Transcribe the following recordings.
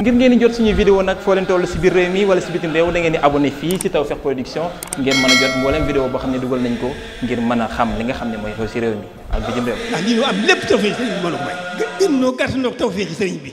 ngir ngeen jot suñu vidéo nag foo leen toll si biir réew mi wala si bitim réew da ngeen di abonné fii si Tawfekh Production ngeen mën a jot mboolem vidéo boo xam ne dugal nañ ko ngir mën a xam li nga xam ne mooy xew si réew mi ak bitim réew. ndax ah, lii ñu am lépp Tawfekh sëriñ sëriñ bi.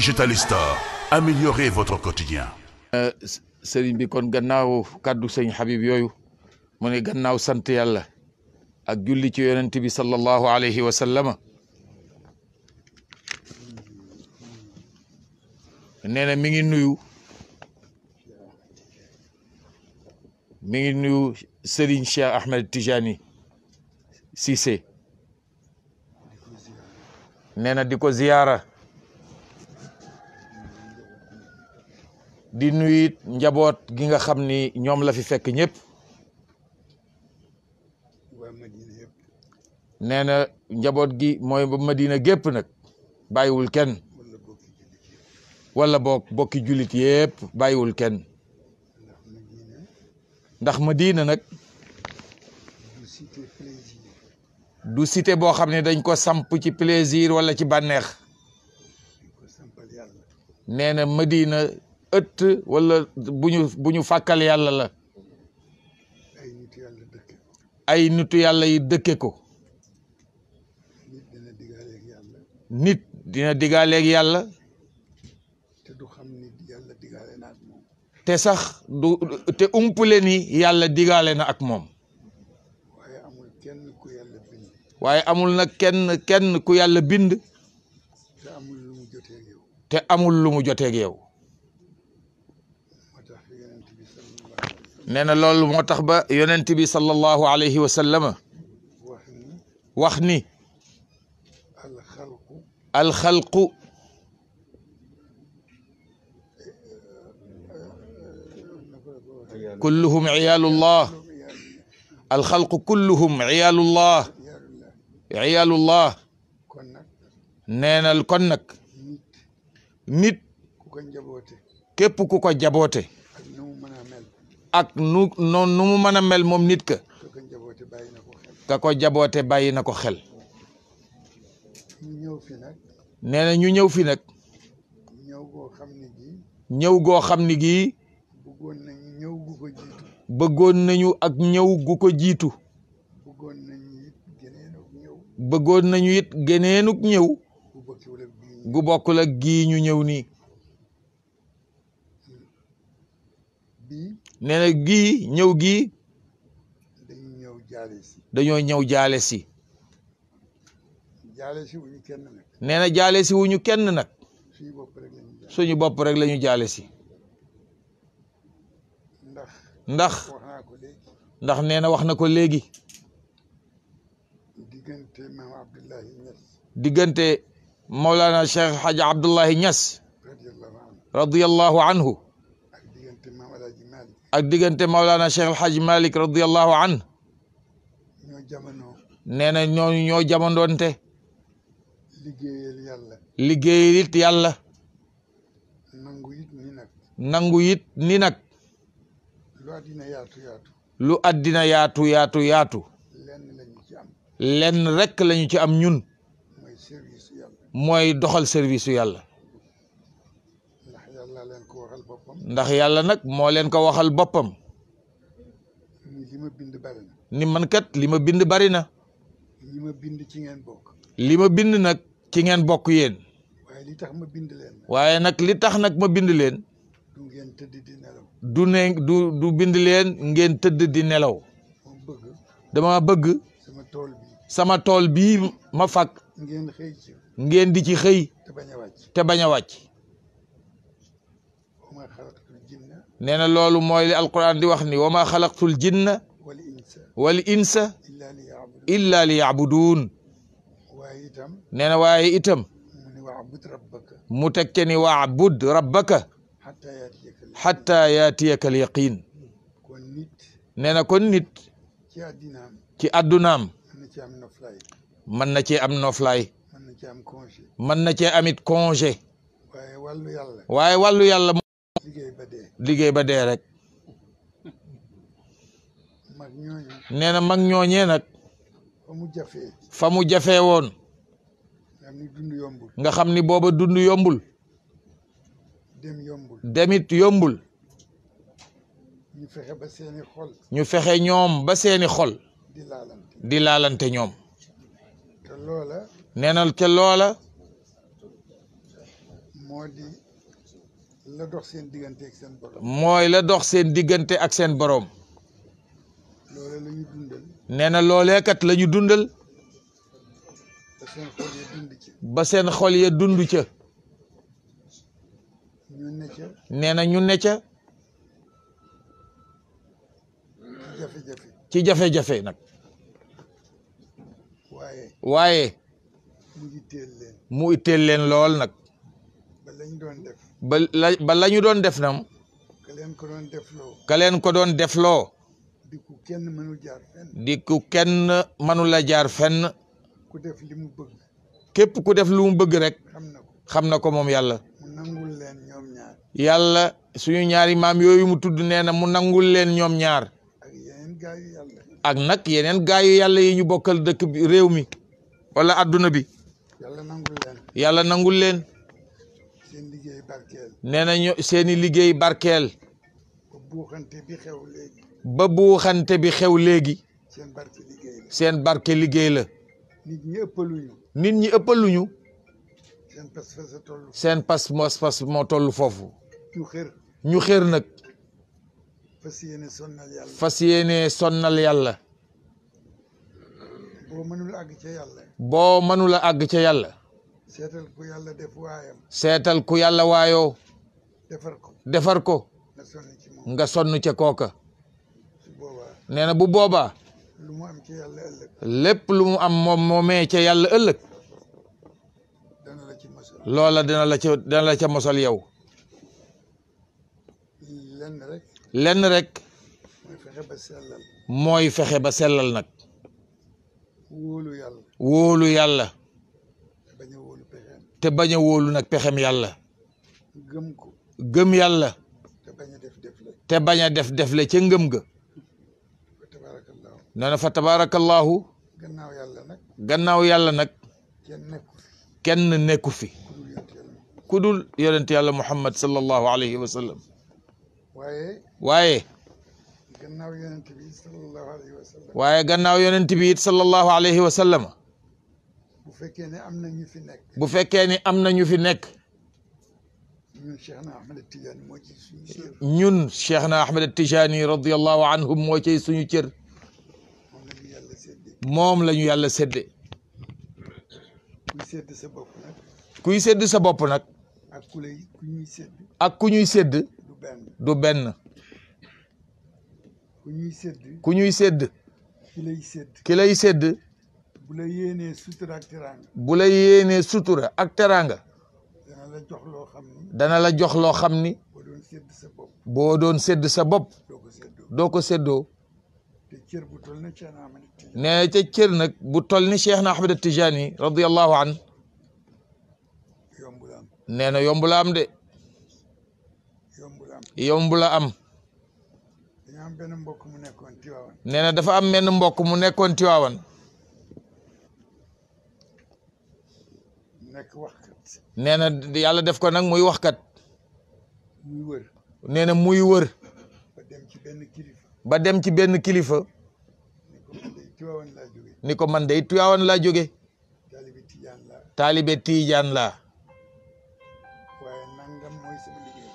Digital Store améliorez votre euh, sëriñ bi kon gannaaw kàddu sëñ Habib yooyu mu ne gannaaw sant yàlla ak julli ci yonent bi sallallahu alayhi wa sallama nee mi ngi nuyu mi ngi nuyu Serigne Cheikh Ahmed Tijani Cissé nee di ko ziyaara di nuyit njaboot gi nga xam ni ñoom la fi fekk ñëpp nee na njaboot gi mooy ba Madina gépp nag bàyyiwul kenn wala boog bokki jullit yëpp bàyyiwul kenn ndax Madina nag du cité boo xam ne dañ ko samp ci plaisir wala ci bànneex nee Madina ëtt wala bu ñu bu ñu fàkkal yàlla la ay nitu yàlla dëkke ko nit dina digaaleeg yàlla te xam ni te sax du te umpule ni yàlla digaale na ak moom waaye amul kenn ku yàlla bind te amul lu mu joteeg yow amul lu mu joteeg yow nee na loolu moo tax ba yonent bi sallallahu alayhi wa sallama wax ni alxalqu kulluhum ciyaalullah alxalqu kulluhum ciyaalullah ciyaalullah nee na kon nag nit képp ku ko jaboote ak nu nu mu mën a mel moom nit ka ka ko jaboote bàyyi na ko xel nee na ñu ñëw fi nag ñëw goo xam ni gii bëggoon nañu ak ñëw gu ko jiitu bëggoon nañu it geneenuk ñëw gu bokkul ak gii ñu ñëw nii neena na gii ñëw gii dañoo ñëw jaale si nee na jaale si wuñu kenn nag suñu bopp rek la jaale si ndax ndax nee na wax na ko léegi diggante Mawlana Cheikh Hadj Abdullahi Niass radiyallahu anhu ak diggante Maulana Cheikh El Hadj Malick radiyallahu an nee na ñooñu ñoo jamondoonte liggéeyal yàlla liggéeyal yàlla nangu it ni nangu it ni nag lu addina yaatu yaatu lu addina yaatu yaatu yaatu lenn lañu lenn lañu ci am ñun moy doxal service yàlla ndax yàlla nag moo leen ko waxal boppam ni man kat li ma bind bari na li ma bind ci ngeen bokk ma bind nag ci ngeen bokk yéen waaye li tax ma bind waaye nag li tax nag ma bind leen du ngeen tëdd di nelaw du ne du bind leen ngeen tëdd di nelaw dama bëgg sama tool sama tool bii ma fàkk ngeen di ci xëy te bañ a wàcc nee na loolu mooy li alquran di wax ni wa ma xalaqtul jinna wal insa illa li yacbuduun nee na waaye itam mu tekke ni wacbud rabbaka xatta yaatiyaka al yaqiin nee na kon nit ci addunaam mën na cee am noflaay mën na cee amit congé waaye wàllu yàlla liggéey ba dee. liggéey ba dee rek. mag nee na mag ñooñee nag. fa mu jafee. fa mu jafee woon. nga xam ni nga xam ni booba dund yombul. dem yombul. demit yombul. ñu fexe ba seeni xol. ñu fexe ñoom ba seeni xol. di laalante ñoom. te loola. loola. la dox diggante ak mooy la dox seen diggante ak seen boroom loolee nee na loolee kat la dundal. ba seen xol ya dund ca. ba ca. ñu ne nee na ñu ne ca. ci jafe-jafe. ci jafe nag. waaye. waaye. mu itteel leen. lool nag. lañ doon ba ba la ñu doon def nam leen ko doon defloo kaleen ko doon defloo di ku kenn mënu jaar fenn ku kenn mënu jaar fenn ku def li mu bëgg képp ku def lu mu bëgg rek xam na ko xam na ko moom yàlla mu nangul suñu ñaari maam yooyu mu tudd nee na mu nangul leen ñoom ñaar ak yeneen nag yeneen gaayu yàlla yi ñu bokkal dëkk bi réew mi wala adduna bi yàlla nangul nee na ñu seeni liggéey barkeel ba buuxante bi xew léegi seen barke liggéey la nit ñi ëppaluñu nit ñi ëppaluñu seen pas mos pas moo toll foofu ñu xër nag fas yéene sonnal yàlla boo mënula àgg ca yàlla seetal ku yàlla def waayam. seetal ku yàlla waayoo. defar ko nga sonn ca kooka. nee na bu boobaa. lu mu am ca lépp lu am moom moomee ca yàlla ëllëg. ci mosal. loola dana la ca dana la ca mosal yow. lenn rek. lenn mooy fexe ba sellal. mooy fexe ba te bañ a wóolu nag pexem yàlla gëm ko gëm yàlla te bañ a def def le te ngëm ga fa tabaarakallaahu gannaaw yàlla nag gannaaw yàlla nag kenn nekku fi ku dul yonent yàlla muhammad sallallahu alayhi wa sallam gannaaw yonent bi sallallahu alayhi alayhi wa bu fekkee ne am na ñu fi nekk. bu fekkee ne am na ñu fi nekk. ñun Cheikh na Ahmed Tijani moo ci suñu cër. ñun anhum moo ci suñu cër. moom la ñu yàlla sédde. kuy sedd sa bopp nag. kuy ak ku ñuy sedd ak du benn du ku ñuy sedd ku ñuy sédd. ki lay sédd. bu la sutura ak teraanga. bu la yéenee sutura ak teraanga. dana la jox loo xam ni. dana boo doon sedd sa bopp. boo doon sedd seddoo te cër bu toll ni Cheikh Ahmed nag bu toll ni Cheikh Ahmed Tidiane yi an. yomb la am. nee am de. yomb am yomb mbokk mu nekkoon Tiwaawan. dafa am benn mbokk mu nekkoon tiwawan nekk nee na yàlla def ko nag muy waxkat. muy wër. na muy wër. ba dem ci benn kilifa. ba ni ko man day tuyaawan laa jóge. taalibe tiijaan laa.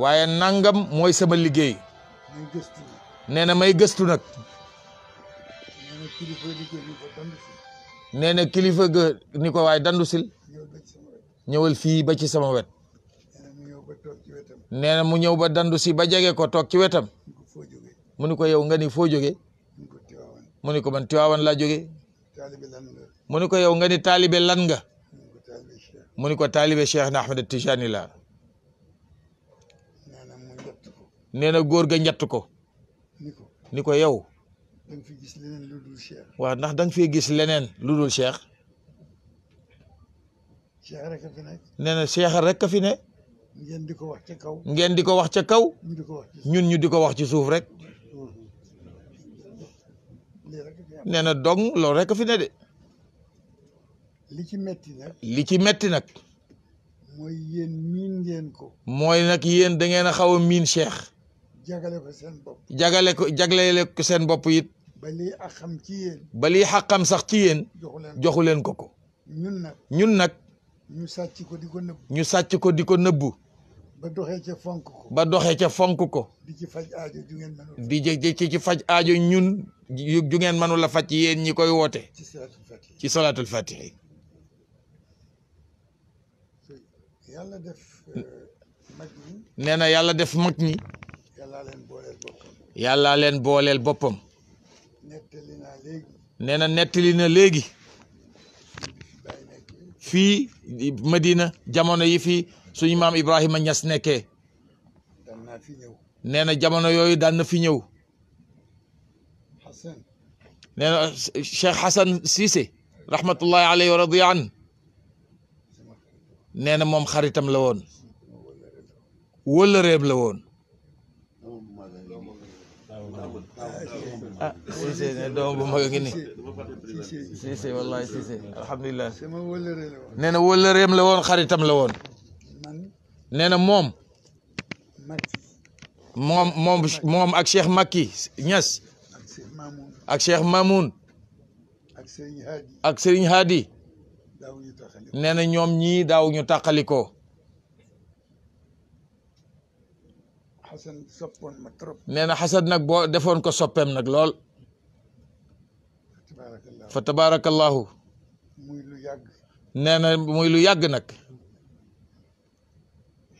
waaye nangam mooy sama liggéey. nee na may gëstu nag. nee kilifa ga ni ko waaye dandu ñëwal fii ba ci sama wet nee na mu ñëw ba dandu si ba jege ko toog ci wetam mu ni ko yow nga foo jóge mu ni ko man Tiwaawan laa jóge mu ni ko yow nga ni taalibe lan nga mu ni ko taalibe Cheikh na Ahmed Tijani laa nee na góor ga njatt ko ni ko yow waa ndax da nga fee gis leneen lu dul Cheikh Cheikh rek fi nee na Cheikh rek a fi ne. ngeen di ko wax ca kaw. ngeen di ko wax ca kaw. ñun ñu di ko wax ci suuf rek. nee na dong loolu rek fi ne de. li ci metti nag. li ci metti nag. mooy yéen miin ngeen ko. mooy nag yéen da ngeen a xaw a miin Cheikh. jagale ko seen bopp. jagale ko jaglele ko seen bopp it. ba lii xaqam ci yéen. ba lii xaqam sax ci yéen. joxu leen ko ko ñun nag. ñu sàcc ko di ko nëbbu. ñu sàcc ko di ko nëbbu. ba doxee ca fonk ko. ba doxe ca fonk ko. di ci faj aajo ju ngeen mënul. ci faj aajo ñun ju ngeen mënul a faj yéen ñi koy woote. ci salaatul fatihi ci salaatul fatihi. yàlla def euh, mag ñi. nee na yàlla def mag ñi. yàllaa leen booleel boppam. yàllaa leen booleel boppam. na léegi. fii Medina jamono yi fii suñu maam Ibrahima Niass nekkee nee na jamono yooyu daan na fi ñëw nee na Cheikh Hassan Cissé rahmatullahi alayhi wa radiya an nee na moom xaritam la woon wëllëreem la woon ah Cissé bu mag ngi nii Cissé wallahi Cissé alhamdulilah nee na wëllëreem la woon xaritam la woon nee na moom moom moom moom ak Cheikh Makki Niass ak Cheikh Mamoun ak Serigne Hadi nee ñoom ñi daaw ñu tàqalikoo xasan soppoon ma nee na xasad nag boo defoon ko soppeem nag lool. fa tabaarakallahu muy lu yàgg. nee na muy lu yàgg nag.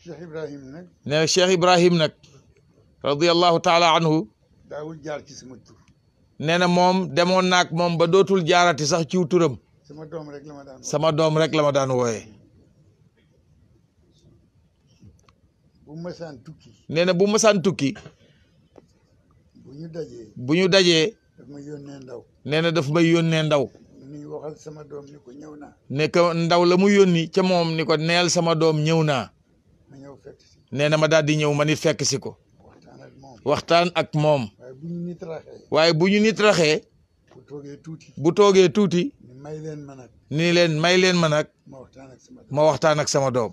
Cheikh Ibrahim nag. nee na Cheikh Ibrahim nag. radiyallahu taala anhu. daawul jaar ci sama nee na moom demoon naag moom ba dootul jaarati sax ciw turam. sama doom rek la ma daan wooyee. sama doom rek la ma daan wooyee. bu masaan nee na bu masaan tukki. bu ñu dajee. bu ñu dajee. daf may yónnee ndaw. nee na daf may yónnee ndaw. ni sama doom ñëw naa. ne ko ndaw la mu yónni ca moom ni ko neel sama doom ñëw naa. ma na ma daal di ñëw ma ni fekk si ko. waxtaan ak moom. waxtaan ak moom. waaye bu ñu nit raxee. bu ñu toogee tuuti. bu toogee tuuti. may leen ma nag. leen may leen ma nag. ma ma waxtaan ak sama doom.